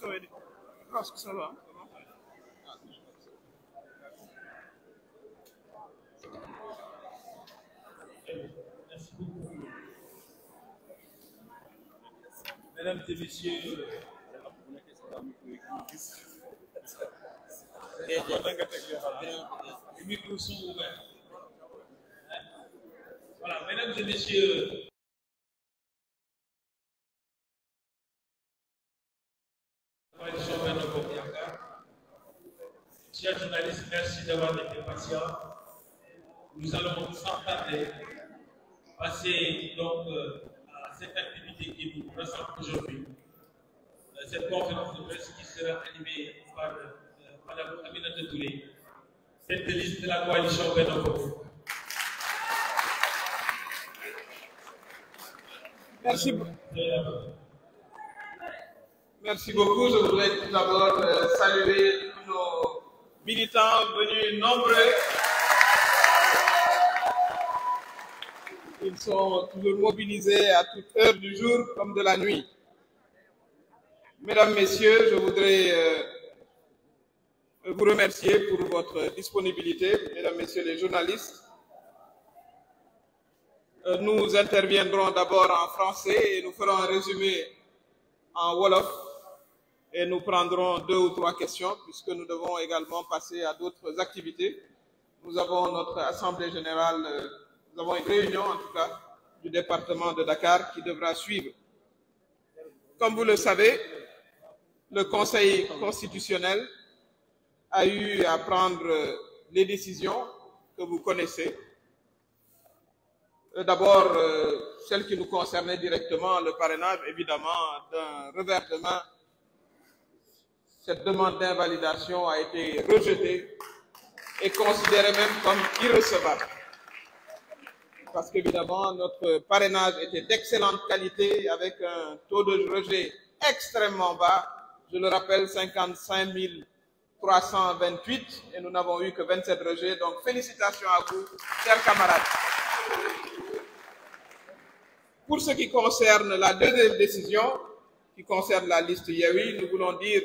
Freud. Ah, Je que ça va. Merci hein. beaucoup. Mesdames et messieurs, les micros sont ouverts. Voilà, mesdames et messieurs, Chers journalistes, merci d'avoir été patients. Nous allons sans tarder passer donc euh, à cette activité qui vous présente aujourd'hui. Euh, cette conférence de presse qui sera animée par euh, Mme Amina Aminata Touré, liste de la coalition benoît Merci. Merci beaucoup. Je voudrais tout d'abord euh, saluer nos militants venus nombreux. Ils sont toujours mobilisés à toute heure du jour comme de la nuit. Mesdames, Messieurs, je voudrais euh, vous remercier pour votre disponibilité, Mesdames, Messieurs les journalistes. Euh, nous interviendrons d'abord en français et nous ferons un résumé en Wolof et nous prendrons deux ou trois questions puisque nous devons également passer à d'autres activités. Nous avons notre assemblée générale, euh, nous avons une réunion en tout cas du département de Dakar qui devra suivre. Comme vous le savez, le Conseil constitutionnel a eu à prendre les décisions que vous connaissez. Euh, d'abord, euh, celle qui nous concernait directement, le parrainage, évidemment, d'un revers de cette demande d'invalidation a été rejetée et considérée même comme irrecevable. Parce qu'évidemment, notre parrainage était d'excellente qualité avec un taux de rejet extrêmement bas. Je le rappelle, 55 328 et nous n'avons eu que 27 rejets. Donc félicitations à vous, chers camarades. Pour ce qui concerne la deuxième décision, qui concerne la liste Yahweh, nous voulons dire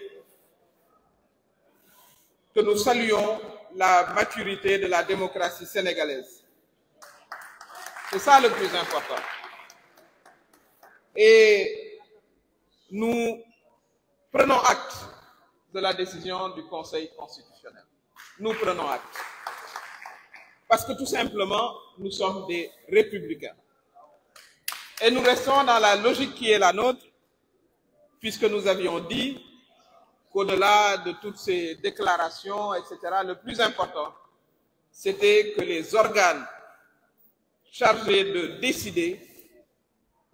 que nous saluons la maturité de la démocratie sénégalaise. C'est ça le plus important. Et nous prenons acte de la décision du Conseil constitutionnel. Nous prenons acte. Parce que tout simplement, nous sommes des républicains. Et nous restons dans la logique qui est la nôtre, puisque nous avions dit au delà de toutes ces déclarations, etc., le plus important, c'était que les organes chargés de décider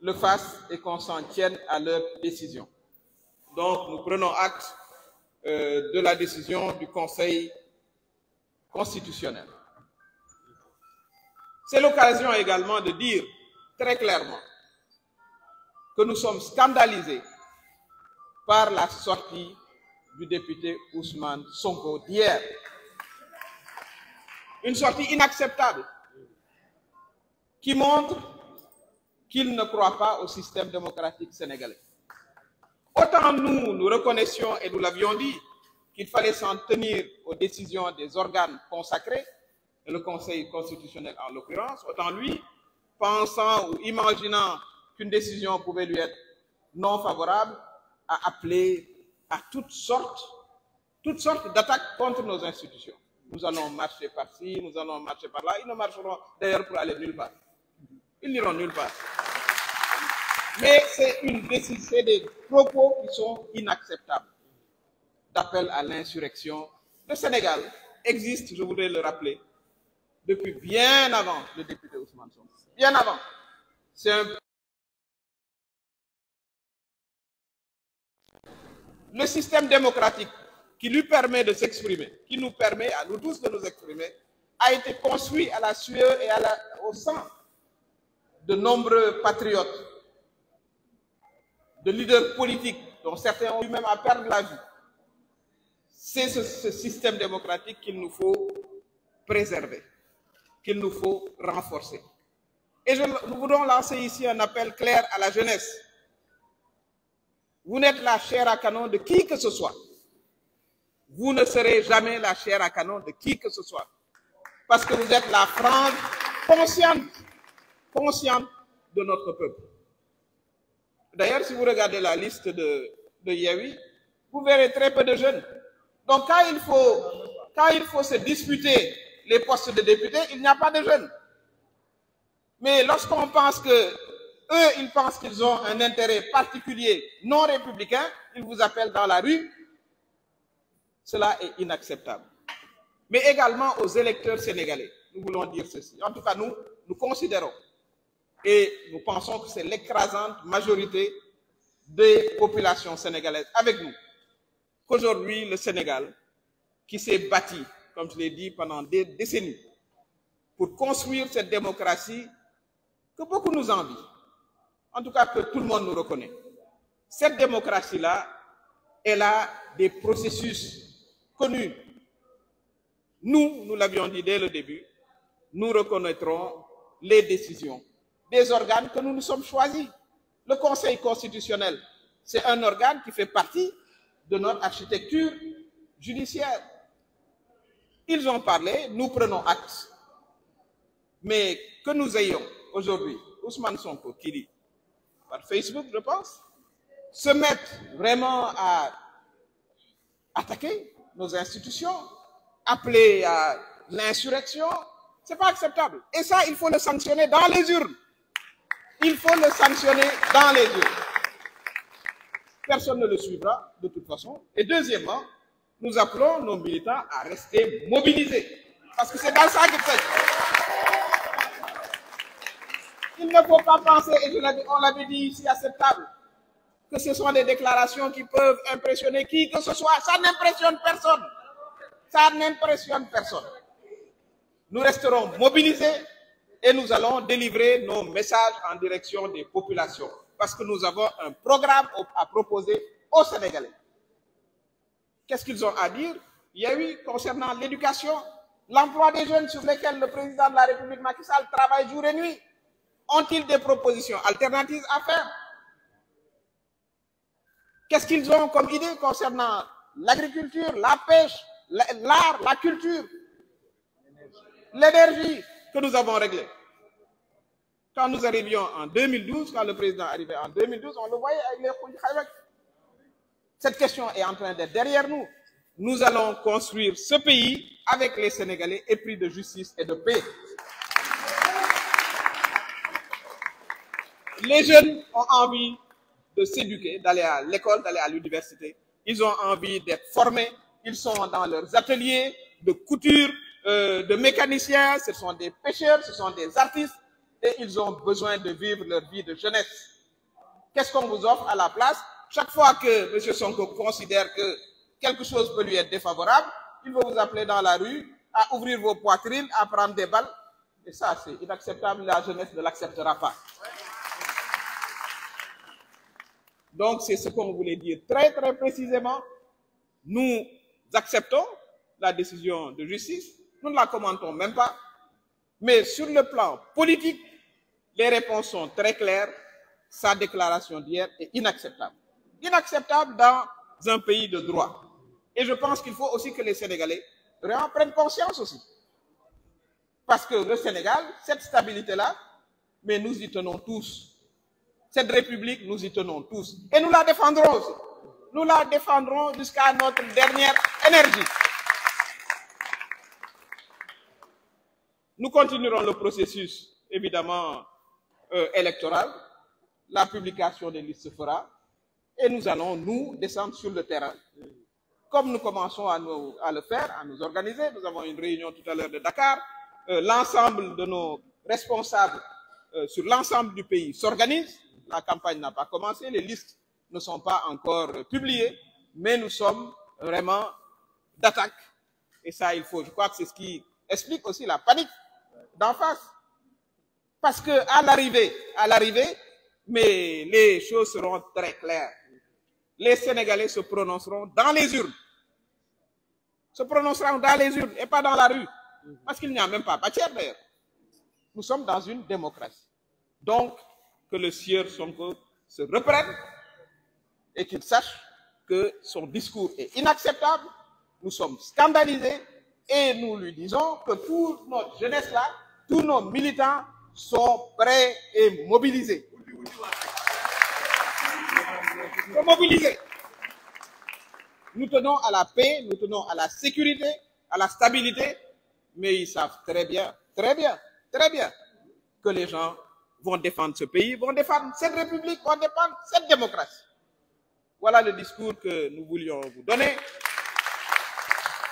le fassent et qu'on s'en tienne à leur décision. Donc, nous prenons acte euh, de la décision du Conseil constitutionnel. C'est l'occasion également de dire très clairement que nous sommes scandalisés par la sortie du député Ousmane Sonko d'hier. Une sortie inacceptable qui montre qu'il ne croit pas au système démocratique sénégalais. Autant nous, nous reconnaissions et nous l'avions dit qu'il fallait s'en tenir aux décisions des organes consacrés, le Conseil constitutionnel en l'occurrence, autant lui, pensant ou imaginant qu'une décision pouvait lui être non favorable, a appelé à toutes sortes, toutes sortes d'attaques contre nos institutions. Nous allons marcher par-ci, nous allons marcher par-là. Ils ne marcheront d'ailleurs pour aller nulle part. Ils n'iront nulle part. Mais c'est une décision, des propos qui sont inacceptables. D'appel à l'insurrection. Le Sénégal existe, je voudrais le rappeler, depuis bien avant le député Ousmane Sonko. Bien avant. C'est un le système démocratique qui lui permet de s'exprimer, qui nous permet à nous tous de nous exprimer, a été construit à la sueur et au sang de nombreux patriotes, de leaders politiques, dont certains ont eu même à perdre la vie. C'est ce, système démocratique qu'il nous faut préserver, qu'il nous faut renforcer. Et nous voulons lancer ici un appel clair à la jeunesse vous n'êtes la chair à canon de qui que ce soit. Vous ne serez jamais la chair à canon de qui que ce soit. Parce que vous êtes la France consciente, de notre peuple. D'ailleurs, si vous regardez la liste de, de vous verrez très peu de jeunes. Donc quand il faut, quand il faut se disputer les postes de députés, il n'y a pas de jeunes. Mais lorsqu'on pense que eux, ils pensent qu'ils ont un intérêt particulier non républicain. Ils vous appellent dans la rue. Cela est inacceptable. Mais également aux électeurs sénégalais. Nous voulons dire ceci. En tout cas, nous, nous considérons et nous pensons que c'est l'écrasante majorité des populations sénégalaises avec nous qu'aujourd'hui, le Sénégal, qui s'est bâti, comme je l'ai dit, pendant des décennies, pour construire cette démocratie que beaucoup nous envient, en tout cas que tout le monde nous reconnaît. Cette démocratie-là, elle a des processus connus. Nous, nous l'avions dit dès le début, nous reconnaîtrons les décisions des organes que nous nous sommes choisis. Le Conseil constitutionnel, c'est un organe qui fait partie de notre architecture judiciaire. Ils ont parlé, nous prenons acte. Mais que nous ayons aujourd'hui Ousmane Sonko qui dit par Facebook, je pense, se mettent vraiment à attaquer nos institutions, appeler à l'insurrection, c'est pas acceptable. Et ça, il faut le sanctionner dans les urnes. Il faut le sanctionner dans les urnes. Personne ne le suivra, de toute façon. Et deuxièmement, nous appelons nos militants à rester mobilisés. Parce que c'est dans ça que fait. Il ne faut pas penser, et on l'avait dit ici à cette table, que ce sont des déclarations qui peuvent impressionner qui que ce soit. Ça n'impressionne personne. Ça n'impressionne personne. Nous resterons mobilisés et nous allons délivrer nos messages en direction des populations parce que nous avons un programme à proposer aux Sénégalais. Qu'est-ce qu'ils ont à dire Il y a eu concernant l'éducation, l'emploi des jeunes sur lesquels le président de la République Macky Sall travaille jour et nuit. Ont-ils des propositions alternatives à faire Qu'est-ce qu'ils ont comme idée concernant l'agriculture, la pêche, l'art, la culture, l'énergie que nous avons réglé Quand nous arrivions en 2012, quand le président arrivait en 2012, on le voyait avec les Cette question est en train d'être derrière nous. Nous allons construire ce pays avec les Sénégalais, épris de justice et de paix. les jeunes ont envie de s'éduquer, d'aller à l'école, d'aller à l'université. Ils ont envie d'être formés. Ils sont dans leurs ateliers de couture, euh, de mécaniciens. Ce sont des pêcheurs, ce sont des artistes. Et ils ont besoin de vivre leur vie de jeunesse. Qu'est-ce qu'on vous offre à la place Chaque fois que M. Sonko considère que quelque chose peut lui être défavorable, il va vous appeler dans la rue à ouvrir vos poitrines, à prendre des balles. Et ça, c'est inacceptable. La jeunesse ne l'acceptera pas. Donc, c'est ce qu'on voulait dire très, très précisément. Nous acceptons la décision de justice, nous ne la commentons même pas. Mais sur le plan politique, les réponses sont très claires. Sa déclaration d'hier est inacceptable. Inacceptable dans un pays de droit. Et je pense qu'il faut aussi que les Sénégalais en prennent conscience aussi. Parce que le Sénégal, cette stabilité-là, mais nous y tenons tous. Cette République, nous y tenons tous. Et nous la défendrons aussi. Nous la défendrons jusqu'à notre dernière énergie. Nous continuerons le processus, évidemment, euh, électoral. La publication des listes se fera. Et nous allons, nous, descendre sur le terrain. Comme nous commençons à, à le faire, à nous organiser, nous avons une réunion tout à l'heure de Dakar. Euh, l'ensemble de nos responsables euh, sur l'ensemble du pays s'organise la campagne n'a pas commencé, les listes ne sont pas encore publiées, mais nous sommes vraiment d'attaque. Et ça, il faut, je crois que c'est ce qui explique aussi la panique d'en face. Parce que à l'arrivée, à l'arrivée, mais les choses seront très claires. Les Sénégalais se prononceront dans les urnes. Se prononceront dans les urnes et pas dans la rue. Parce qu'il n'y a même pas matière d'ailleurs. Nous sommes dans une démocratie. Donc, que le sieur Sonko se reprenne et qu'il sache que son discours est inacceptable. Nous sommes scandalisés et nous lui disons que toute notre jeunesse là, tous nos militants sont prêts et mobilisés. mobilisés. Nous tenons à la paix, nous tenons à la sécurité, à la stabilité, mais ils savent très bien, très bien, très bien que les gens vont défendre ce pays, vont défendre cette République, vont défendre cette démocratie. Voilà le discours que nous voulions vous donner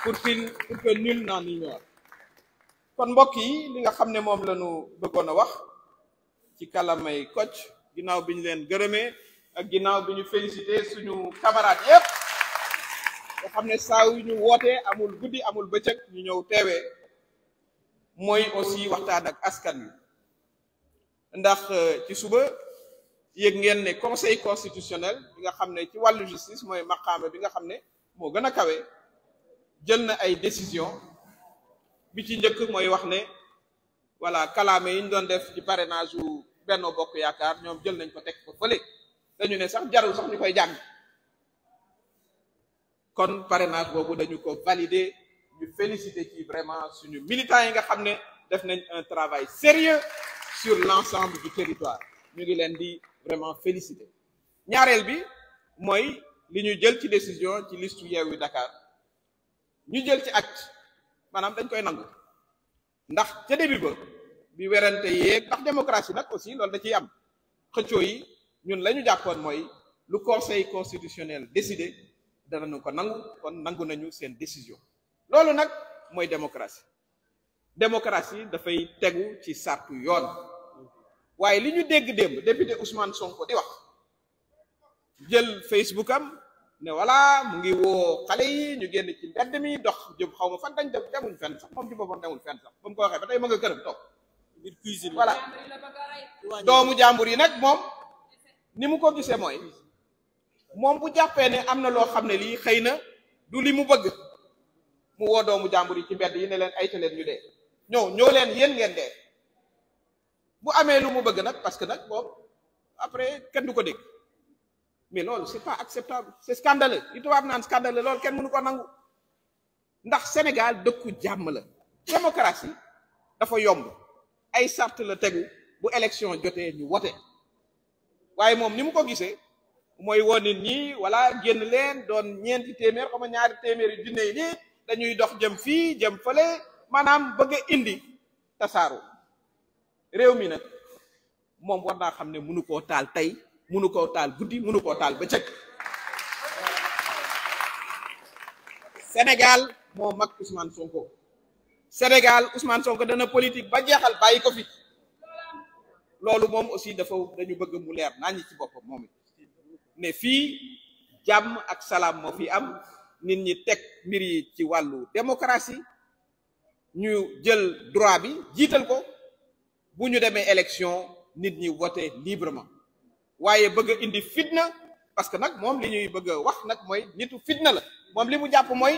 pour, qu'il, pour que nul n'en ignore. kon mbokk yi li nga xam mom moom la ñu bëggoon wax ci kalamay coach ginaaw biñu ñu leen gërëmee ak ginaaw biñu féliciter suñu camarade yépp nga xam ne ñu woté amul guddii amul bëccëg ñu ñëw téwé moy aussi waxtaan ak askan wi ndax euh, ci suba yëg ngeen ne conseil constitutionnel bi nga xam ne ci wàllu justice mooy maqaama bi nga xam ne moo gën a kawe jël na ay décision bi ci njëkk mooy wax ne voilà kalaame yi ñu doon def ci parrainage u Benno Bokk Yaakaar ñoom jël nañ ko teg ko fële dañu ne sax jarul sax ñu koy jàng kon parrainage boobu dañu ko valider ñu féliciter ci vraiment suñu militants yi nga xam ne def nañ un travail sérieux sur l'ensemble du territoire Nous les vraiment félicité Nous bi li ñu jël ci décision ci liste Dakar ñu jël ci acte dañ koy ndax début ba bi démocratie n'ak aussi da am ñun conseil constitutionnel décidé ñu ko nangu kon nangu nañu sen décision loolu nak démocratie démocratie dafay tegu ci sàrtu yoon waaye li ñu dégg démb député Ousmane Sonko di wax jël Facebook am ne voilà mu ngi woo xale yi ñu génn ci mbedd mi dox jëm xaw ma fan dañ dem demuñ fenn sax moom ci boppam demuñ fenn sax ba mu ko waxee ba tey ma nga këram toog biir cuisine voilà doomu jàmbur yi nag moom ni mu ko gisee mooy moom bu jàppee ne am na loo xam ne lii xëy na du li mu bëgg mu woo doomu jàmbur yi ci mbedd yi ne leen ay leen ñu dee ñëw ñoo leen yéen ngeen dee bu amee lu mu bëgg nag parce que nag boobu après kenn du ko dégg mais loolu c'est pas acceptable c'est scandaleux li tubaab naan scandaleux loolu kenn mënu ko nangu ndax Sénégal dëkku jàmm la démocratie dafa yomb ay sart la tegu bu élection jotee ñu wote waaye moom ni mu ko gisee mooy woon ñi walla génn leen doon ñeenti téeméer xama ñaari téeméeri junne yi nii dañuy dox jëm fii jëm fële manam bëgg indi tasaru réew mi nak mom war na xam mënu ko taal tay mënu Senegal taal guddi songko. Senegal taal songko Sénégal mo mak Ousmane Sonko Sénégal Ousmane Sonko dana politique ba jéxal bayiko fi lolu mom aussi dafa dañu bëgg mu leer Nefi jam ci bopam mom fi jam ak salam mo fi am nit ñi tek mbir yi ci walu démocratie ñu jël droit bi jiital ko bu ñu demee élection nit ñi vote librement waaye bëgg indi fitna parce que nag moom li ñuy bëgg wax nag mooy nitu fitna la moom li mu jàpp mooy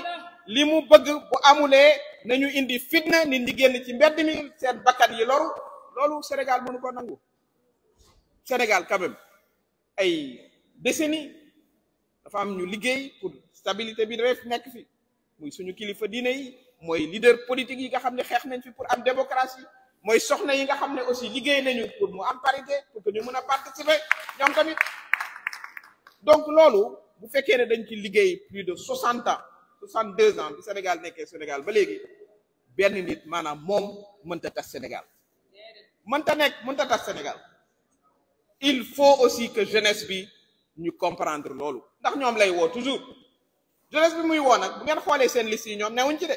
li mu bëgg bu amulee nañu indi fitna nit ñi génn ci mbedd mi seen bakkan yi loru loolu Sénégal mënu ko nangu Sénégal quand ay décennies dafa am ñu liggéey pour stabilité bi dafay nekk fi suñu kilifa diine yi moy leader politique yi nga xam xex nañ fi pour am démocratie moy soxna yi nga xam aussi liggéey nañu pour mu am parité pour que ñu mën participer ñom tamit donc lolu bu fekkee né dañ ci liggéey plus de 60 ans soixante ans du Sénégal nekkee Sénégal ba légui ben nit maanaam moom mënta tax Sénégal mënta nekk mënta tax Sénégal il faut aussi que jeunesse bi ñu comprendre lolu ndax ñom lay wo toujours jeunesse bi muy wo nak bu ngeen xoolee seen liste yi ñoom newuñ ci dé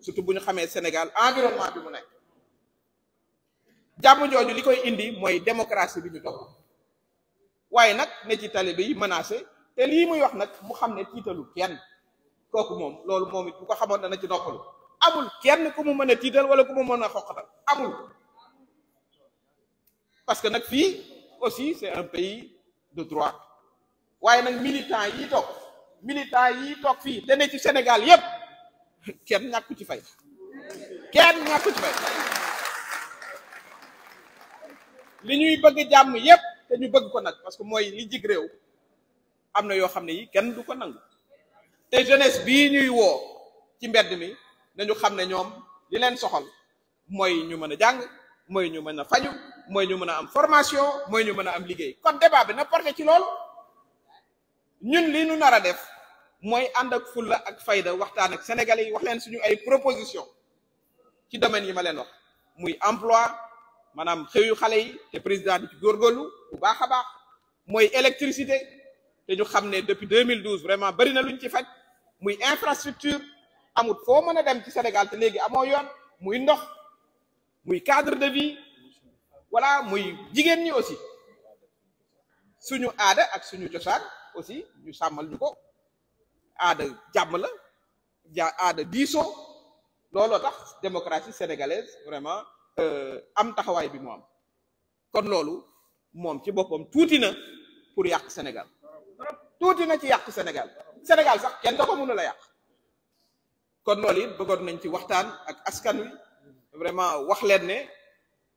surtout buñu xamé Sénégal environnement bi mu nekk jàmm jooju likoy indi moy démocratie biñu ñu topp nak nag ne ci talibé yi menacé té li muy wax nak mu xamné titalu kenn kooku mom loolu momit bu ko xamone dana ci noppalu amul kenn ku mu mën a wala ku mu mën a amul parce que nak fi aussi c'est un pays de droit waaye nak militant yi tok militant yi tok fi te ci Sénégal yépp kenn ñàkku ci fay kenn ñàkku ci fay li ñuy bëgg jàmm yépp te ñu bëgg ko nag parce que mooy li jig réew am na yoo xam ne yi kenn du ko nangu te jeunesse bii ñuy woo ci mbedd mi nañu xam ne ñoom li leen soxal mooy ñu mën a jàng mooy ñu mën a faju mooy ñu mën a am formation mooy ñu mën a am liggéey kon débat bi na porté ci loolu ñun li ñu nar a def moy ànd ak fulla ak fayda waxtaan ak sénégalais yi wax leen suñu ay proposition ci domaine yi ma leen wax muy emploi maanaam xëyu xalé yi te président ci góorgóorlu bu baax baax électricité te ñu xamné depuis 2012 vraiment bari na luñ ci faj muy infrastructure amut fo mëna dem ci Sénégal te légui amo yoon muy ndox muy cadre de vie voilà muy jigen ñi aussi suñu aada ak suñu cosaan aussi ñu sàmmal ñu ko aada y la ja aada diisoo temps, tax démocratie sénégalaise vraiment euh, am taxawaay bi mo am kon lolu mom ci bopom pour yak Sénégal tout na ci yak Sénégal Sénégal sax kenn da ko mënu la yak kon loolu it nañ ci waxtaan ak askan wi vraiment wax leen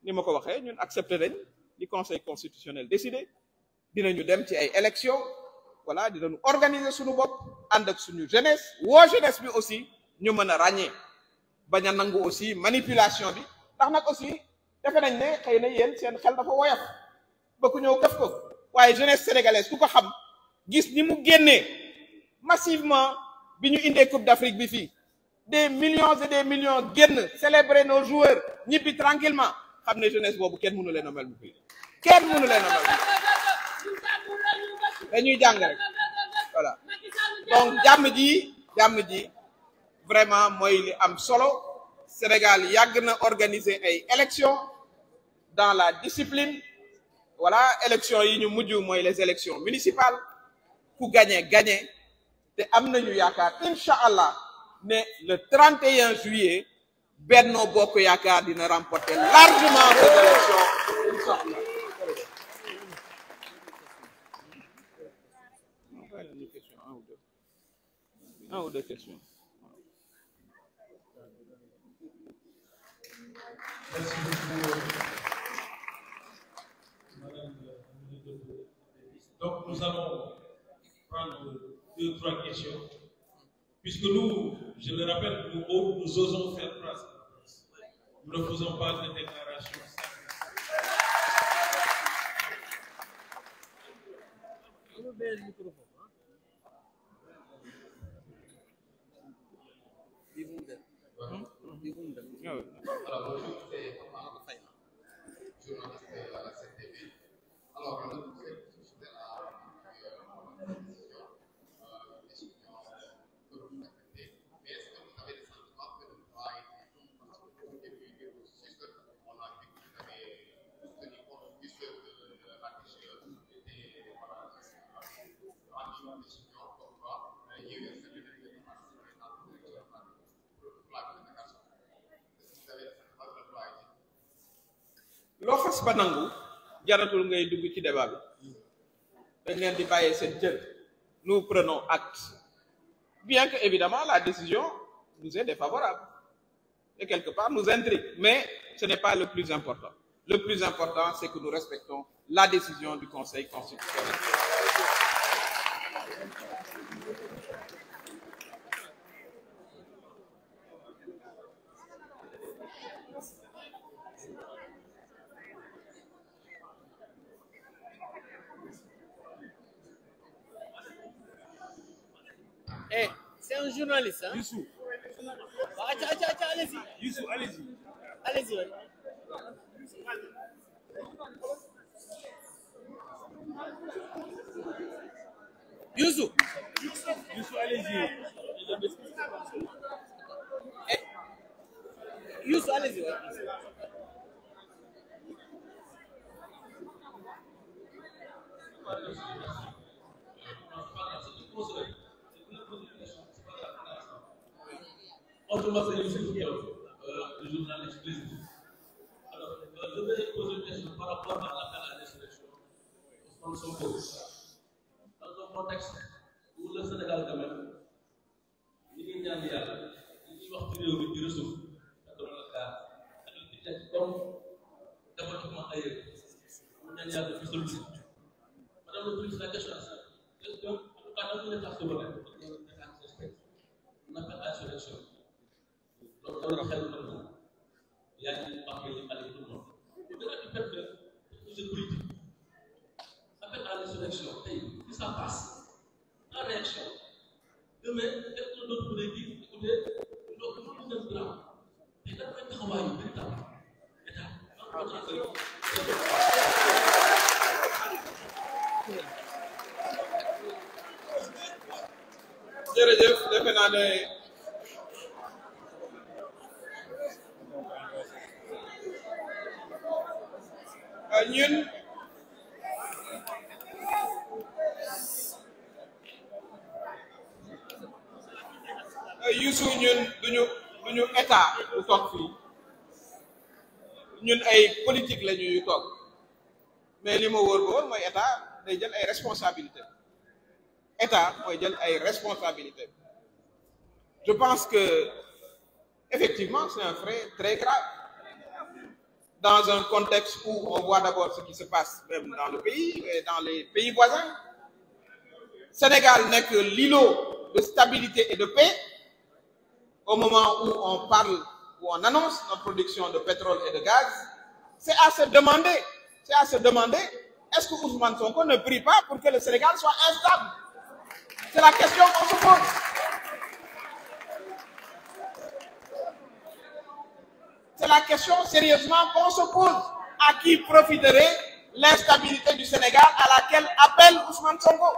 ni qu'on ko ñun accepté nañ li conseil constitutionnel décidé dinañu dem ci ay voilà dinañu organiser suñu bopp ànd ak suñu jeunesse woo jeunesse bi aussi ñu mën a ràññee bañ aussi manipulation bi ndax nag aussi defe nañ ne xëy na yéen seen xel dafa woyof ba ku ñëw këf ko jeunesse sénégalaise ku ko xam gis ni mu génnee massivement bi ñu indee Coupe d'Afrique bi des millions et des millions génn célébrer nos joueurs ñibbi tranquillement xam ne jeunesse boobu kenn mënu leen a mel mu fii kenn mënu leen a dañuy jàng rek voilà donc jàmm ji jàmm ji vraiment mooy li am solo Sénégal yàgg na organiser ay élections dans la discipline voilà élections yi ñu mujj mooy les élections municipales ku gagner gagner te am nañu yaakaar incha allah le 31 juillet Benno Bokk a dina remporter largement les élections ou deux. questions. Donc, nous allons prendre deux, trois questions. Puisque nous, je le rappelle, nous, osons faire place. Nous ne faisons pas de déclaration. Divulga. Hum? Divulga. Allora, voglio fare giornalista della 7 Allora, nous prenons acte bien que évidemment la décision nous est défavorable et quelque part nous intrigue mais ce n'est pas le plus important le plus important c'est que nous respectons la décision du Conseil constitutionnel Eh, c'est un journaliste, hein ah, Attends, attends, allez-y. Youssou, allez-y. Allez-y, ouais. Youssou. Youssou, allez-y. Eh, Youssou, allez-y, autrement c'est difficile yow journaliste président alors euh, je vais poser une question par rapport à l'appel à l'insurrection Ousmane Sonko dans un contexte où le Sénégal quand même ñi ngi ñaan yàlla ñi ngi wax ci réew mi di ressource pétrole gaz ak li teg comme développement ailleurs mu ñaan yàlla fi solution madame la ministre la question est-ce que en tout cas dans une état souverain loolu xel na ko yaa ngi wax nga ñu xale yi dund moom da nga di perte de politique appel à l'insurrection tey que ça passe en réaction demain est-ce que dootu mën a dire écoutez donc mënul ngeen grave te lan mooy taxawaayu véritable état en tant que jërëjëf defe naa ne ñun Youssou ñun duñu duñu état nous tok fi ñun ay politique lañu yu mais li ma wóor ba état day jël ay responsabilité état moy jël ay responsabilité je pense que effectivement c'est un fait très grave dans un contexte où on voit d'abord ce qui se passe même dans le pays et dans les pays voisins. Sénégal n'est que l'îlot de stabilité et de paix au moment où on parle, ou on annonce notre production de pétrole et de gaz. C'est à se demander, c'est à se demander, est-ce que Ousmane Sonko ne prie pas pour que le Sénégal soit instable C'est la question qu'on se pose. la question sérieusement qu'on se pose. À qui profiterait l'instabilité du Sénégal à laquelle appelle Ousmane Sonko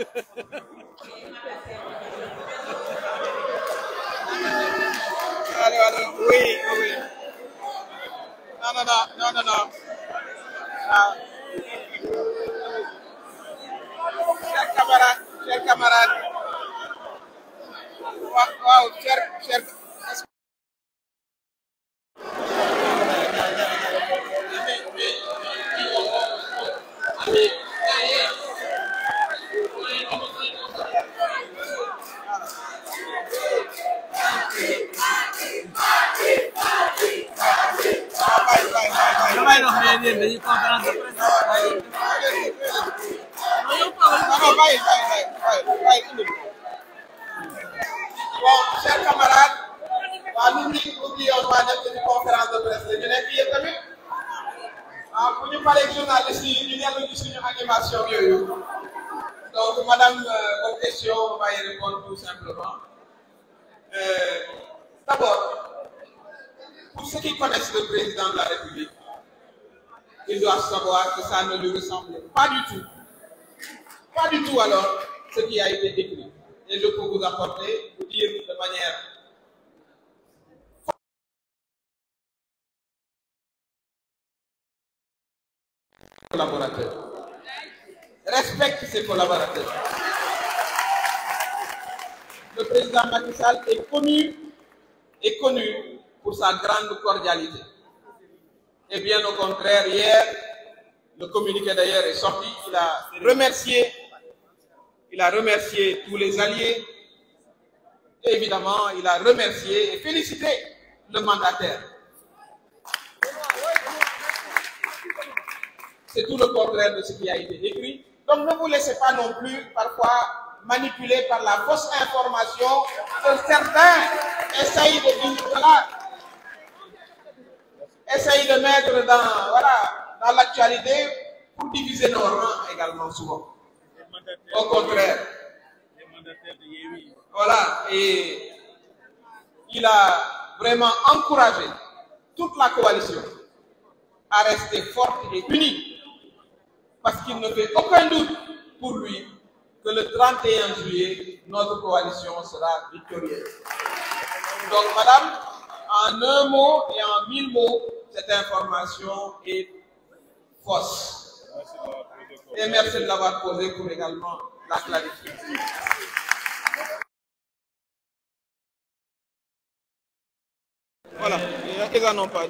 No, no, no, no, no, no. Ah. camarada, Wow, wow, y répondre tout simplement. Euh, d'abord, pour ceux qui connaissent le président de la République, ils doivent savoir que ça ne lui ressemble pas du tout. Pas du tout alors ce qui a été décrit. Et je peux vous apporter, vous dire de manière collaborateur, Respecte ses collaborateurs le président Macky Sall est connu, est connu pour sa grande cordialité. Et bien au contraire, hier, le communiqué d'ailleurs est sorti, il a remercié, il a remercié tous les alliés, et évidemment, il a remercié et félicité le mandataire. C'est tout le contraire de ce qui a été écrit. Donc ne vous laissez pas non plus parfois manipulé par la fausse information que certains essayent de, de mettre dans, dans l'actualité pour diviser nos rangs également souvent. Au contraire. Voilà, et il a vraiment encouragé toute la coalition à rester forte et unie parce qu'il ne fait aucun doute pour lui que le 31 juillet, notre coalition sera victorieuse. Donc, madame, en un mot et en mille mots, cette information est fausse. Et merci de l'avoir posée pour également la clarification. Voilà, ils ont pas à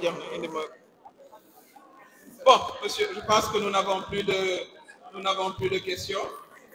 Bon, monsieur, je pense que nous n'avons plus de questions.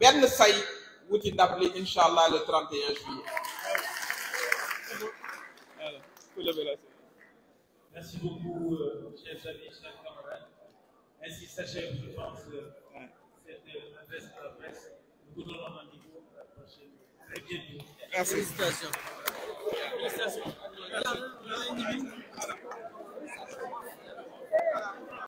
Berne say wuti ndab li Inch'Allah, le 31 juillet. Merci beaucoup, euh, chers amis, chers camarades. Ainsi s'achève, je pense, ouais. Euh, cette adresse à la presse. Nous vous donnons rendez-vous à la prochaine. Très bientôt. Merci. Félicitations. Félicitations. Félicitations.